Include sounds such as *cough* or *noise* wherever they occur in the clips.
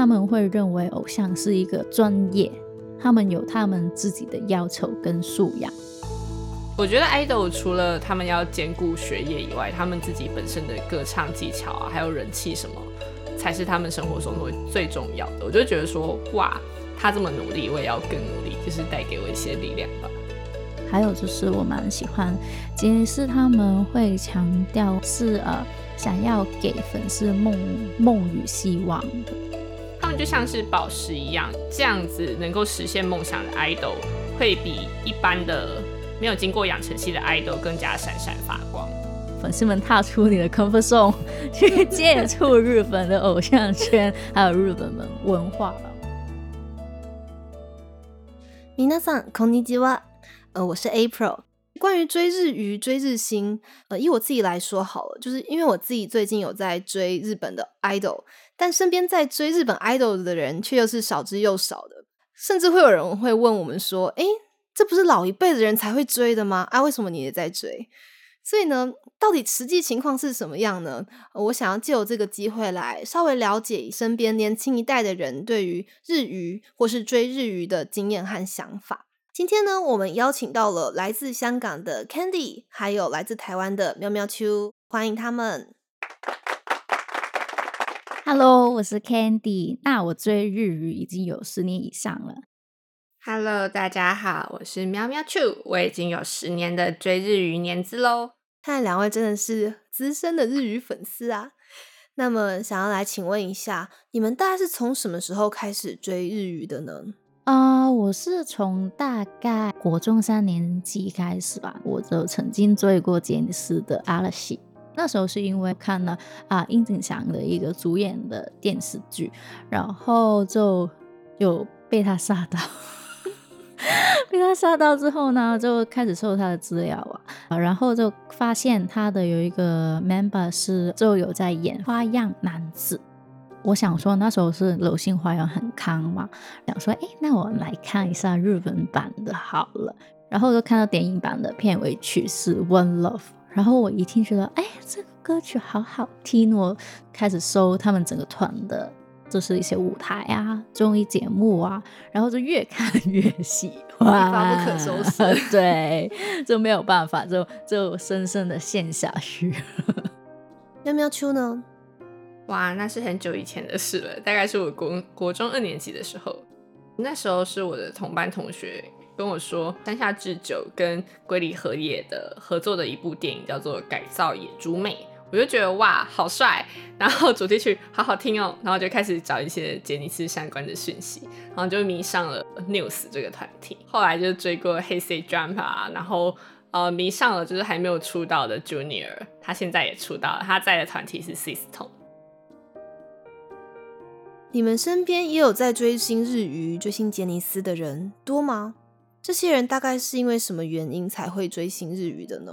他們會認為偶像是一個專業，他們有他們自己的要求跟素養。我覺得愛豆除了他們要兼顧學業以外，他們自己本身的歌唱技巧啊，還有人氣什麼，才是他們生活中最重要的。我就覺得說，哇，他這麼努力，我也要更努力，就是帶給我一些力量吧。還有就是我蠻喜歡，傑尼斯他們會強調是呃，想要給粉絲夢夢與希望的。就像是寶石一樣，這樣子能夠實現夢想的 idol，會比一般的沒有經過養成系的 idol 更加閃閃發光。粉絲們，踏出你的 comfort zone，去接觸日本的偶像圈， *laughs* 還有日本的文化吧。 *laughs* 皆さん、こんにちは。呃，我是 April。關於追日娛、追日星，呃，以我自己來說好了，就是因為我自己最近有在追日本的 idol，但身邊在追日本 idol 的人卻又是少之又少的，甚至會有人會問我們說：“哎，這不是老一輩的人才會追的嗎？啊，為什麼你也在追？”所以呢，到底實際情況是什麼樣呢？呃，我想要借由這個機會來稍微了解身邊年輕一代的人對於日娛或是追日娛的經驗和想法。今天呢，我們邀請到了來自香港的 Candy，還有來自台灣的喵喵秋，歡迎他們。Hello，我是 Candy，那我追日語已經有十年以上了。Hello，大家好，我是喵喵秋，我已經有十年的追日語年資嘍。看來兩位真的是資深的日語粉絲啊，那麼想要來請問一下，你們大概是從什麼時候開始追日語的呢？啊、呃，我是從大概國中三年級開始吧，我就曾經追過傑尼斯的阿拉西。那時候是因為看了啊櫻井翔的一個主演的電視劇，然後就有被他嚇到， *laughs* 被他嚇到之後呢，就開始搜他的資料啊，然後就發現他的有一個 member 是就有在演花樣男子。我想說，那時候是《流星花園》很康嘛，想說，哎，那我們來看一下日本版的好了，然後就看到電影版的片尾曲是《One Love》，然後我一聽覺得，哎，這個歌曲好好聽，我開始搜他們整個團的，就是一些舞台啊、綜藝節目啊，然後就越看越喜歡，一發不可收拾，對，就沒有辦法，就就深深的陷下去。喵喵丘呢？哇，那是很久以前的事了，大概是我國國中二年級的時候，那時候是我的同班同學跟我說，山下智久跟龜梨和也的合作的一部電影叫做《改造野豬妹》，我就覺得哇，好帥，然後主題曲好好聽哦、喔，然後就開始找一些傑尼斯相關的訊息，然後就迷上了 NEWS 這個團體，後來就追過 Hey Say Jump 啊，然後呃迷上了就是還沒有出道的 Junior，他現在也出道了，他在的團體是 SixTONES。你們身邊也有在追星日語、追星傑尼斯的人多嗎？這些人大概是因為什麼原因才會追星日語的呢？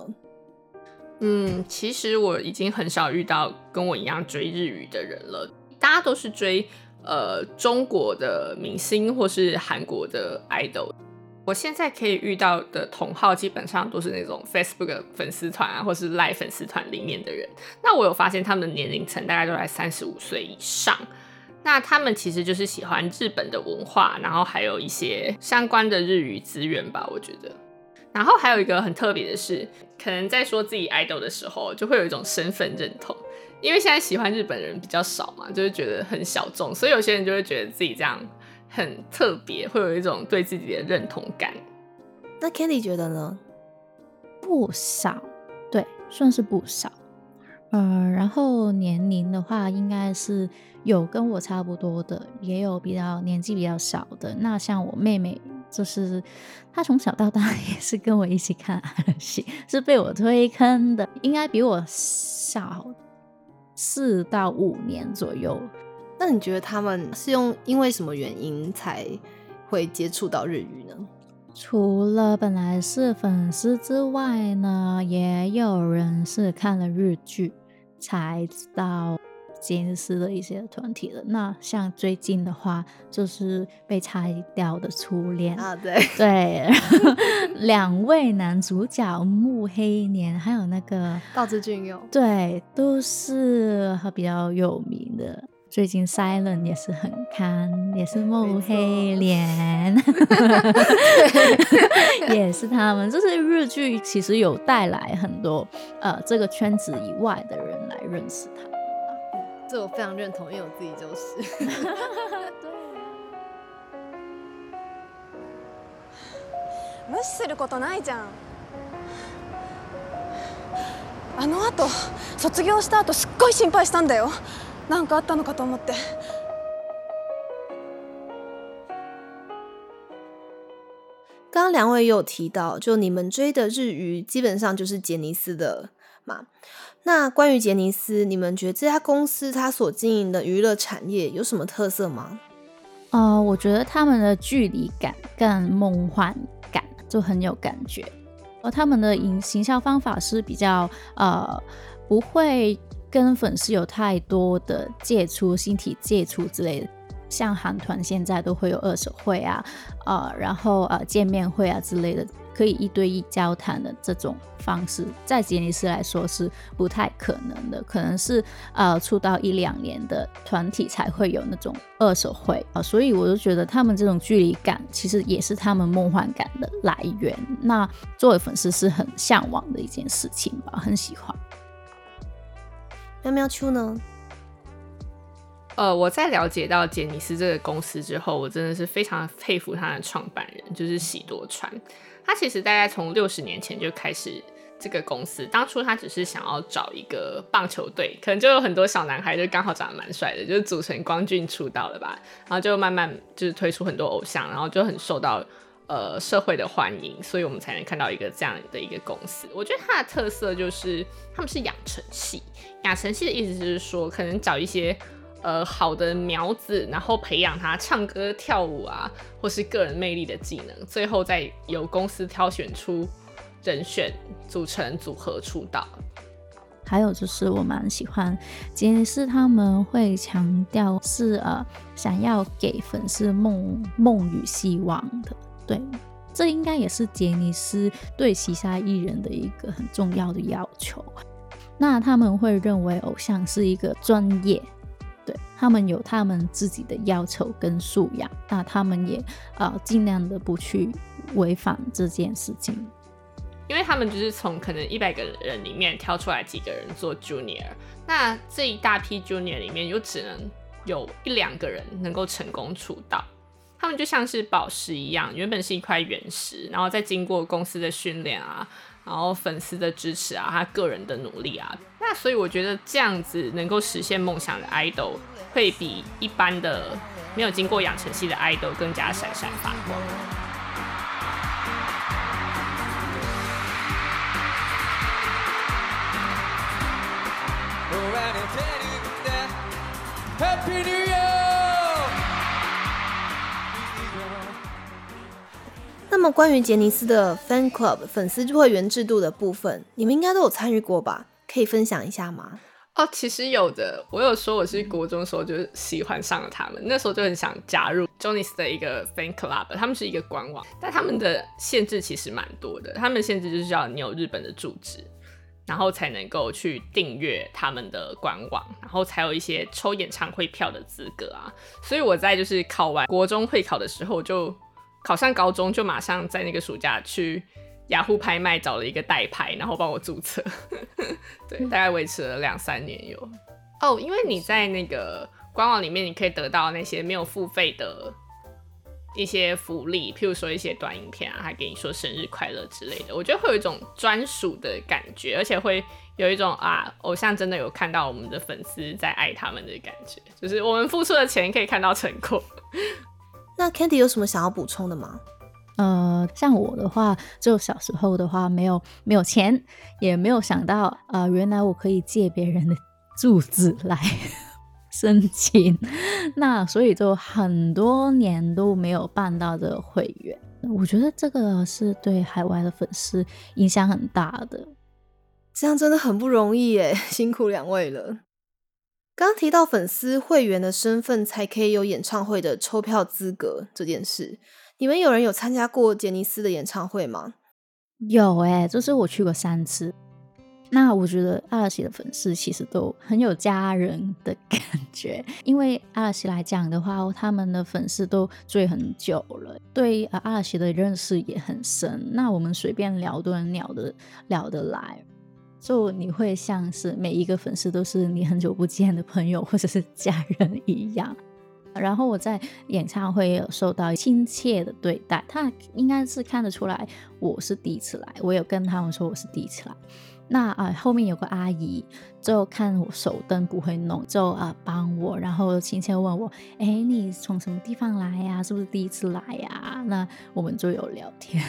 嗯，其實我已經很少遇到跟我一樣追日語的人了。大家都是追呃中國的明星或是韓國的 idol。我現在可以遇到的同好，基本上都是那種 Facebook 粉絲團啊，或是 Live 粉絲團裡面的人。那我有發現他們的年齡層大概都在三十五歲以上。那他們其實就是喜歡日本的文化，然後還有一些相關的日語資源吧，我覺得。然後還有一個很特別的是，可能在說自己愛豆的時候，就會有一種身份認同，因為現在喜歡日本人比較少嘛，就會覺得很小眾，所以有些人就會覺得自己這樣很特別，會有一種對自己的認同感。那 Kandy 覺得呢？不少，對，算是不少。呃，然後年齡的話，應該是有跟我差不多的，也有比較年紀比較小的。那像我妹妹，就是她從小到大也是跟我一起看日劇，是被我推坑的，應該比我小四到五年左右。那你覺得他們是用因為什麼原因才會接觸到日語呢？除了本來是粉絲之外呢，也有人是看了日劇才知道傑尼斯的一些團體的。那像最近的話，就是被拆掉的初戀啊、oh，對對，兩 *laughs* *laughs* 位男主角目黑蓮，還有那個道枝駿佑，對，都是比較有名的。最近 Silent 也是很堪，也是摸黑臉， *laughs* *laughs* 也是他們。就是日劇其實有帶來很多呃這個圈子以外的人來認識他們，嗯。這我非常認同，因為我自己就是。 *laughs* *laughs* *laughs* 無視するこなんかあったのかと思って。剛剛兩位也有提到，就你們追的日娛基本上就是傑尼斯的嘛。那關於傑尼斯，你們覺得這家公司它所經營的娛樂產業有什麼特色嗎？啊、呃，我覺得他們的距離感，感、更夢幻感就很有感覺。而他們的行銷方法是比較呃不會。跟粉絲有太多的接觸、身體接觸之類的，像韓團現在都會有握手會啊、啊、呃，然後呃見面會啊之類的，可以一對一交談的這種方式，在傑尼斯來說是不太可能的，可能是呃出道一兩年的團體才會有那種握手會啊、呃，所以我就覺得他們這種距離感，其實也是他們夢幻感的來源。那作為粉絲是很向往的一件事情吧，很喜歡。喵喵出呢？呃，我在了解到傑尼斯這個公司之後，我真的是非常佩服他的創辦人，就是喜多川。他其實大概從六十年前就開始這個公司，當初他只是想要找一個棒球隊，可能就有很多小男孩，就剛好長得蠻帥的，就是組成光俊出道了吧，然後就慢慢就是推出很多偶像，然後就很受到。呃，社會的歡迎，所以我們才能看到一個這樣的一個公司。我覺得它的特色就是，他們是養成系。養成系的意思就是說，可能找一些呃好的苗子，然後培養他唱歌、跳舞啊，或是個人魅力的技能，最後再由公司挑選出人選組成組合出道。還有就是我蠻喜歡傑尼斯，他們會強調是呃想要給粉絲夢夢與希望的。對，這應該也是傑尼斯對旗下藝人的一個很重要的要求。那他們會認為偶像是一個專業，對，他們有他們自己的要求跟素養。那他們也啊、呃、盡量的不去違反這件事情，因為他們就是從可能一百個人裡面挑出來幾個人做 Junior，那這一大批 Junior 裡面又只能有一兩個人能夠成功出道。他們就像是寶石一樣，原本是一塊原石，然後再經過公司的訓練啊，然後粉絲的支持啊，他個人的努力啊，那所以我覺得這樣子能夠實現夢想的 idol 會比一般的沒有經過養成系的 idol 更加閃閃發光。那關於傑尼斯的 fan club 粉絲會員制度的部分，你們應該都有參與過吧？可以分享一下嗎？哦，其實有的。我有說我是國中的時候就喜歡上了他們，那時候就很想加入 Johnny's 的一個 fan club，他們是一個官網，但他們的限制其實蠻多的。他們限制就是要你有日本的住址，然後才能夠去訂閱他們的官網，然後才有一些抽演唱會票的資格啊。所以我在就是考完國中會考的時候就。考上高中就馬上在那個暑假去雅虎拍賣找了一個代拍，然後幫我註冊， *laughs* 對，大概維持了兩三年有。哦，因為你在那個官網裡面，你可以得到那些沒有付費的一些福利，譬如說一些短影片啊，還給你說生日快樂之類的。我覺得會有一種專屬的感覺，而且會有一種啊，偶像真的有看到我們的粉絲在愛他們的感覺，就是我們付出的錢可以看到成果。那 Candy 有什麼想要補充的嗎？呃，像我的話，就小時候的話，沒有沒有錢，也沒有想到啊，呃，原來我可以借別人的住址來 *laughs* 申請。那所以就很多年都沒有辦到的會員，我覺得這個是對海外的粉絲影響很大的。這樣真的很不容易耶，辛苦兩位了。剛提到粉絲會員的身份才可以有演唱會的抽票資格這件事，你們有人有參加過傑尼斯的演唱會嗎？有哎、欸，就是我去過三次。那我覺得阿拉西的粉絲其實都很有家人的感覺，因為阿拉西來講的話，他們的粉絲都追很久了，對阿拉西的認識也很深。那我們隨便聊，都能聊得聊得來。就你會像是每一個粉絲都是你很久不見的朋友或者是家人一樣，然後我在演唱會有受到親切的對待，他應該是看得出來我是第一次來，我有跟他們說我是第一次來。那啊、呃、後面有個阿姨就看我手燈不會弄，就啊、呃、幫我，然後親切問我，哎，你從什麼地方來呀、啊？是不是第一次來呀、啊？那我們就有聊天，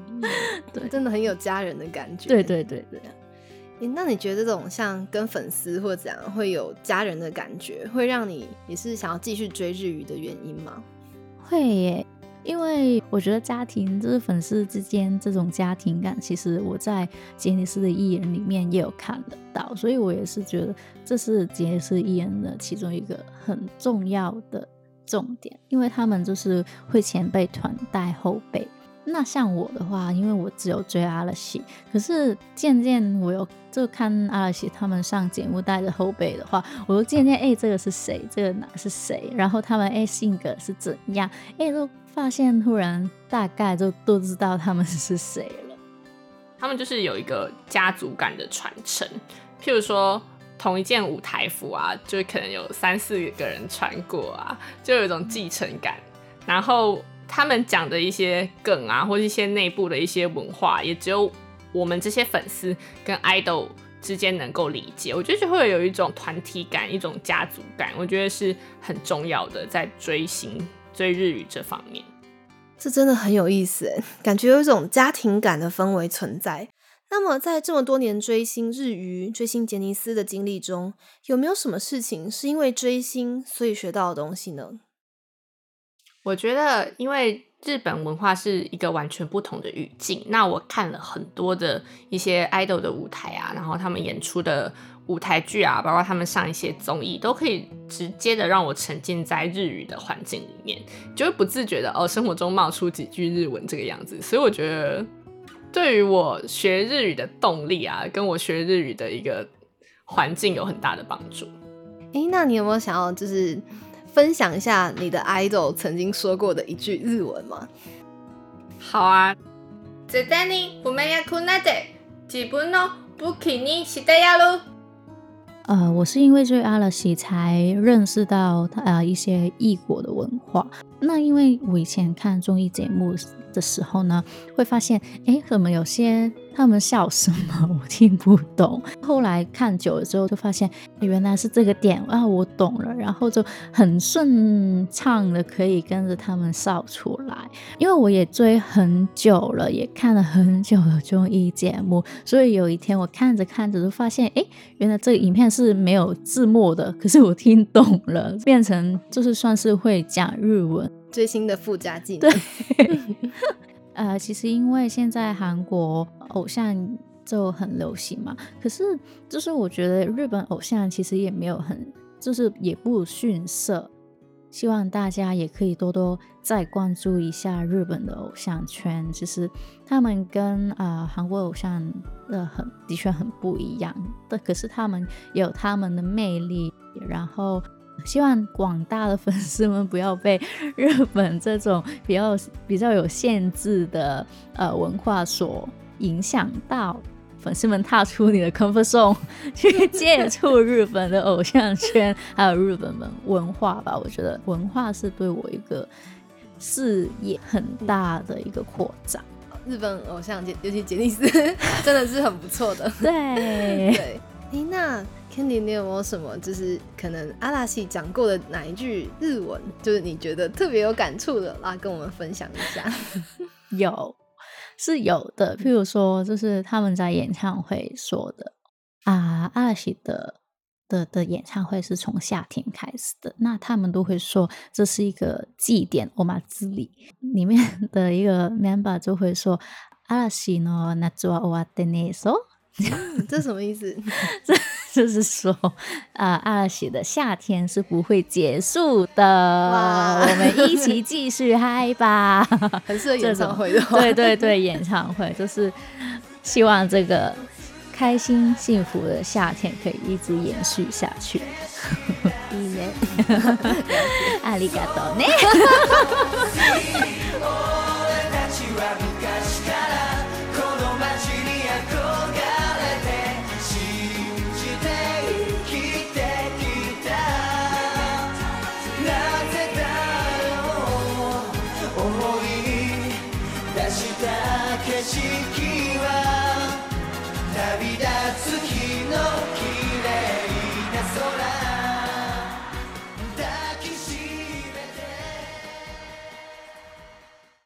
*laughs* 對，真的很有家人的感覺。對對對對。欸、那你覺得這種像跟粉絲或者怎樣會有家人的感覺，會讓你也是想要繼續追日語的原因嗎？會耶，因為我覺得家庭就是粉絲之間這種家庭感，其實我在傑尼斯的藝人裡面也有看得到，所以我也是覺得這是傑尼斯藝人的其中一個很重要的重點，因為他們就是會前輩團帶後輩。那像我的話，因為我只有追阿拉西，可是漸漸我又就看阿拉西他們上節目帶着後輩的話，我又漸漸哎，這個是誰？這個哪是誰？然後他們哎、欸、性格是怎樣？哎、欸、就發現，突然大概就都知道他們是誰了。他們就是有一個家族感的傳承，譬如說同一件舞台服啊，就可能有三四個人穿過啊，就有一種繼承感。然後。他們講的一些梗啊，或者一些內部的一些文化，也只有我們這些粉絲跟愛豆之間能夠理解。我覺得就會有一種團體感，一種家族感，我覺得是很重要的。在追星、追日語這方面，這真的很有意思，感覺有一種家庭感的氛圍存在。那麼，在這麼多年追星、日語、追星傑尼斯的經歷中，有沒有什麼事情是因為追星所以學到的東西呢？我覺得，因為日本文化是一個完全不同的語境，那我看了很多的一些愛豆的舞台啊，然後他們演出的舞台劇啊，包括他們上一些綜藝，都可以直接的讓我沉浸在日語的環境裡面，就會不自覺的哦，生活中冒出幾句日文這個樣子。所以我覺得，對於我學日語的動力啊，跟我學日語的一個環境有很大的幫助。哎、欸，那你有沒有想要就是，分享一下你的 idol 曾經說過的一句日文嗎？好啊，這尼不你是呃，我是因為追阿拉西才認識到他一些異國的文化。那因為我以前看綜藝節目的時候呢，會發現，哎，可能有些他們笑什麼我聽不懂，後來看久了之後，就發現原來是這個點啊，我懂了，然後就很順暢的可以跟着他們笑出來。因為我也追很久了，也看了很久的綜藝節目，所以有一天我看着看着就發現，哎，原來這個影片是沒有字幕的，可是我聽懂了，變成就是算是會講日文。最新的附加技能對，能 *laughs* 呃，其實因為現在韓國偶像就很流行嘛，可是就是我覺得日本偶像其實也沒有很，就是也不遜色。希望大家也可以多多再關注一下日本的偶像圈。其實他們跟啊、呃、韓國偶像的很的確很不一樣，但可是他們有他們的魅力，然後。希望廣大的粉絲們不要被日本這種比較比較有限制的呃文化所影響到，粉絲們踏出你的 comfort zone，去接觸日本的偶像圈， *laughs* 還有日本的文化吧。我覺得文化是對我一個視野很大的一個擴展。日本偶像界，尤其傑尼斯，真的是很不錯的 *laughs* 對。對。咦、欸、那 Kenny 你有沒有什麼就是可能阿拉西講過的哪一句日文，就是你覺得特別有感觸的，來跟我們分享一下？ *laughs* 有，是有的。譬如說，就是他們在演唱會說的啊，阿拉西的的的演唱會是從夏天開始的，那他們都會說這是一個祭典，お祭り裡面的一個 member 就會說，アラシの夏は終わってねえぞ *laughs* 這什麼意思？ *laughs* 這就是說，啊、呃，阿喜的夏天是不會結束的，wow, 我們一起繼續嗨吧！很適合演唱會的話，對對對， *laughs* 演唱會就是希望這個開心 *laughs* 幸福的夏天可以一直延續下去。 *laughs* いいねありがとうね。 *laughs* *laughs*